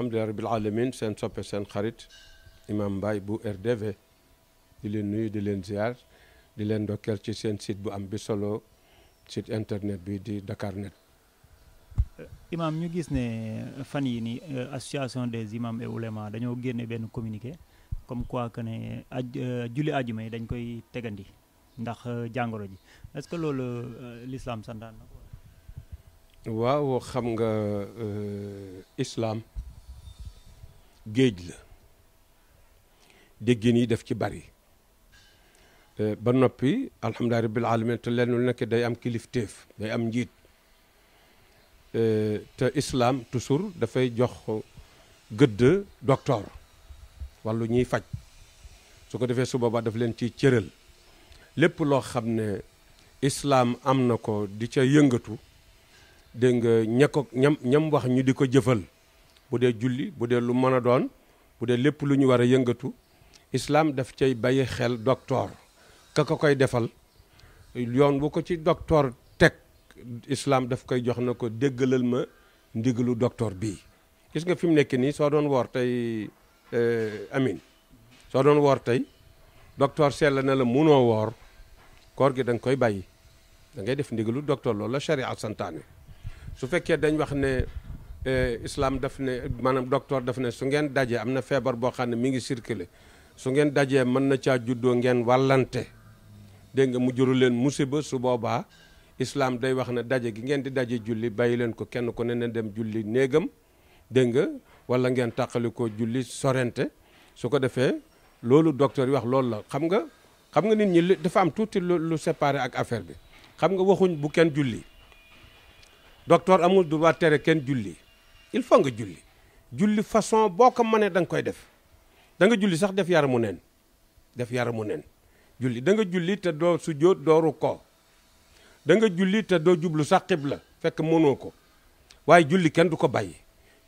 alhamdulilah rabbil alamin seen soppe seen xarit imam Mbaye bu RDV di leen nuyu di leen ziar di leen ndokkeel ci seen site bu am bi solo site internet bi di Dakar Net. Euh, imam ñu gis ne fan yi ni euh, association des imams et oulémas dañoo génne benn communiqué comme quoi que ne aj euh, julli ajuma yi dañ koy tegandi ndax jàngoro ji est-ce que loolu l'islam santaan na waaw xam nga islam géej la déggin yi def ci bari ba noppi alhamdulilah rabbil alamin te lenn lu nekk day am kilifteef day am njiit te islaam toujours dafay jox gëdd docteur wallu ñuy faj su ko defee su boobaa daf leen ci cëral lépp loo xam ne islaam am na ko di ca yëngatu dégg nga ña ñam wax ñu di ko jëfal bu dee julli bu dee lu mën a doon bu dee lépp lu ñu war a yëngatu islaam daf cay bàyyi xel docteur ka ko koy defal yoon bu ko ci docteur teg islaam daf koy jox na ko déggalal ma ndigalu docteur bii gis nga fi mu nekk nii soo doon woor tey eh, amin soo doon woor tey docteur sell na la munoo woor koor gi da koy bàyyi dangay ngay def ndigalu docteur loolu la charia santaane su fekkee dañ wax ne Eh, islaam daf ne maanaam docteur daf ne su ngeen dajee am na feebar boo xam ne mi ngi circulé su ngeen dajee mën na caa juddoo ngeen wàllante dégg nga mu juru leen musiba su boobaa islaam day wax ne daje gi ngeen di daje julli bàyyi leen ko kenn ku ne dem julli néegam dégg nga wala ngeen tàqali ko julli sorente su ko defee loolu docteur yi wax loolu la xam nga xam nga nit ñi dafa am tuuti lu séparé ak affaire bi xam nga waxuñ bu kenn julli docteur amul droit tere kenn julli il faut nga julli julli façon boo ko mënee da nga koy def danga julli sax def yaramu neen def yaramu nen julli da nga julli te doo sujjóot doo rukkoo da nga julli te doo jublu sax xibla fekk mënoo ko waaye julli kenn du ko bay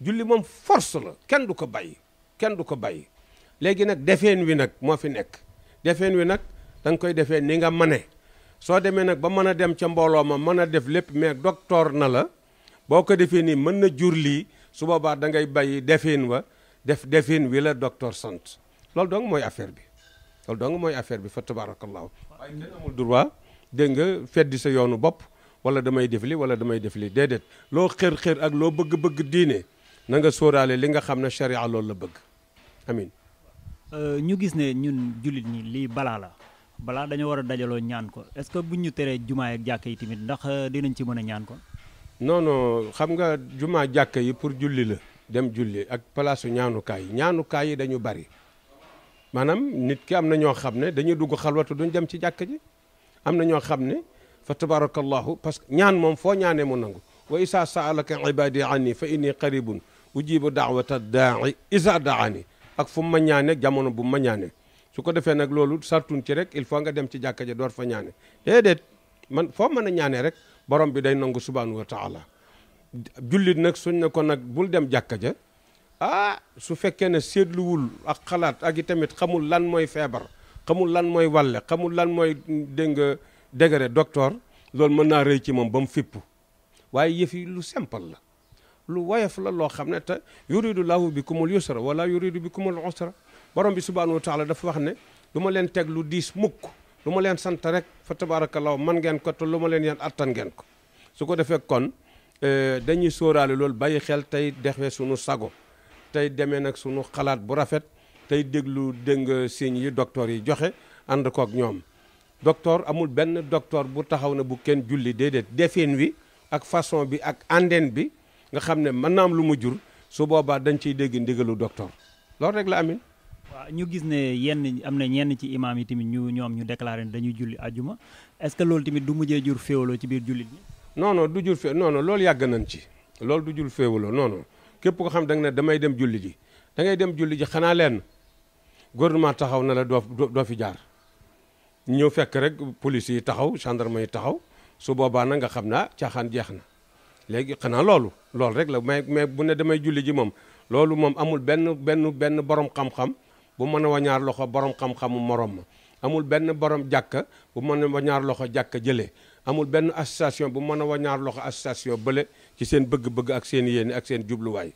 julli moom force la kenn du ko bay kenn du ko bay léegi nag defeen wi nag moo fi nekk defeen wi nag danga koy defee ni nga mëne soo demee nag ba mën a dem ca mbooloo ma mën a def lépp mais docteur na la boo ko defee nii mën na jur lii su boobaa da ngay bàyyi defin wa def defin wi la docteur sant loolu dong mooy affaire bi loolu dong mooy affaire bi fa tabarakallahu waaye amul droit dégg nga fedd sa yoonu bopp wala damay def li wala damay def li déedéet loo xër-xër ak loo bëgg-bëgg diine na nga sóoraale li nga xam ne charia loolu la bëgg amin euh, ñu gis ne ñun jullit ñi lii balaa la balaa dañoo war a dajaloo ñaan ko est-ce que buñ ñu teree jumaay ak jàkk yi tamit ndax euh, dinañ ci mën a ñaan non xam nga jumaa jàkka yi pour julli la dem julli ak palaasu ñaanukaay yi ñaanukaay yi dañu bari maanaam nit ki am na ñoo xam ne dañuy dugg xalwatu duñ dem ci jàkka ji am na ñoo xam ne fa tabarakallahu parce que ñaan moom foo ñaanee mu nangu wa isa saalaka ibadi anni fa inni qaribun ujibu daawata daai isa daani ak fu mu ma ñaanee jamono bu ma ñaane su ko defee nag loolu sartun ci rek il faut nga dem ci jàkka ja door fa ñaane déedéet man foo mën a ñaanee rek borom bi day nangu subhaanahu wa taala jullit nag suñ ne ko nag bul dem jàkka ja ah su fekkee ne seetluwul ak xalaat ak i tamit xamul lan mooy feebar xamul lan mooy wàlle xamul lan mooy dégg nga dégare docteur loolu mën naa rëy ci moom ba mu fipp waaye yëf lu simple la lu woyof la loo xam ne te yuridu lahu bikumul yusra wala yuridu bikumul usra borom bi subhaanahu wa taala dafa wax ne du ma leen teg lu diis mukk lu ma leen sant rek fa tabaarakallaahu man ngeen ko te lu ma leen yan attan ngeen ko su ko defee kon eh, dañuy sóoraale loolu bàyyi xel tey defee suñu sago tey demee nag suñu xalaat bu rafet tey déglu dëng signe yi docteur yi joxe ànd ko ak ñoom docteur amul benn docteur bu taxaw ne bu kenn julli déedéet defin wi ak façon bi ak anden bi nga xam ne mën naa am lu mu jur su boobaa dañ ciy dégg ndigalu docteur loolu rek la amin waaw ñu gis ne yenn am na ñenn ci imaam yi tamit ñu ñoom ñu déclaré ne dañuy julli ajuma est-ce que loolu tamit du mujjee jur féewaloo ci biir jullit ñi non du jur fé non loolu yàgg nañ ci loolu du jur féewuloo noonu képp ko xam da nga ne damay dem julli ji dangay dem julli ji xanaa leen gouvernement taxaw na la doo doo fi jaar ñëw fekk rek police yi taxaw gendarme yi taxaw su boobaa na nga xam naa ah, caaxaan jeex na léegi xanaa loolu loolu rek la may mais bu ne damay julli ji moom loolu moom amul benn benn benn borom xam bu mën a wañaar loxo borom xam-xamu morom ma amul benn borom jàkka bu mën a ñaar loxo jàkka jëlee amul benn association bu mën a wañaar loxo association bële ci seen bëgg-bëgg ak seen yéene ak seen jubluwaay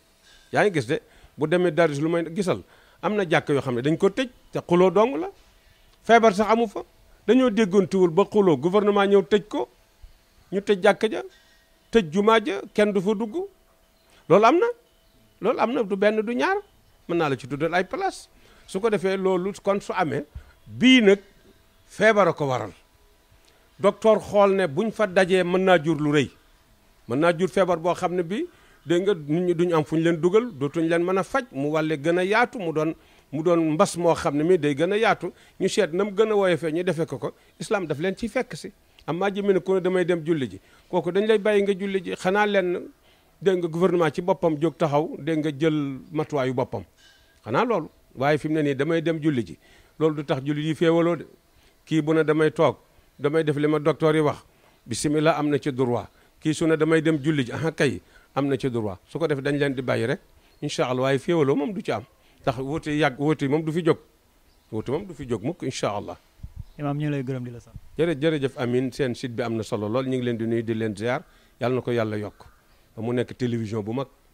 yaa ngi gis de bu demee daris lu may gisal am na jàkk yoo xam ne dañ ko tëj te xuloo dong la feebar sa amu fa dañoo déggoontuwul ba xuloo gouvernement ñëw tëj ko ñu tëj jàkk ja tëj jumaa ja kenn du fa dugg loolu am na loolu am na du benn du ñaar mën naa la ci tuddal ay place su ko defee loolu kon su amee bii nag feebar a ko waral docteur xool ne buñ fa dajee mën naa jur lu rëy mën naa jur feebar boo xam ne bii dégg nga nit ñi duñ am fu ñu leen dugal dootuñ leen mën a faj mu wàlle gën a yaatu mu doon mu doon mbas moo xam ne mi day gën a yaatu ñu seet na mu gën a woyofee ñu defee ko ko islam daf leen ciy fekk si am ji jëmee ne ku ne damay dem julli ji kooku dañ lay bàyyi nga julli ji xanaa leen dégg nga gouvernement ci boppam jóg taxaw dégg nga jël matuwaayu boppam xanaa loolu waaye fi mu ne nii damay dem julli ji loolu du tax julli yi féewaloo de kii bu ne damay toog damay def li ma docteur yi wax bisimilah am na ci droit kii su ne damay dem julli ji ah kay am na ci droit su ko defee dañ leen di bàyyi rek incha allah waaye féewaloo moom du ci am ndax wóote yàgg wóote moom du fi jóg wóote moom du fi jóg mukk incha allah. imaam ñu lay gërëm di la sant. jërëjëf jërëjëf Amine seen sit bi am na solo lool ñu ngi leen di nuyu di leen ziar yàlla na ko yàlla yokk mu nekk télévision bu mag.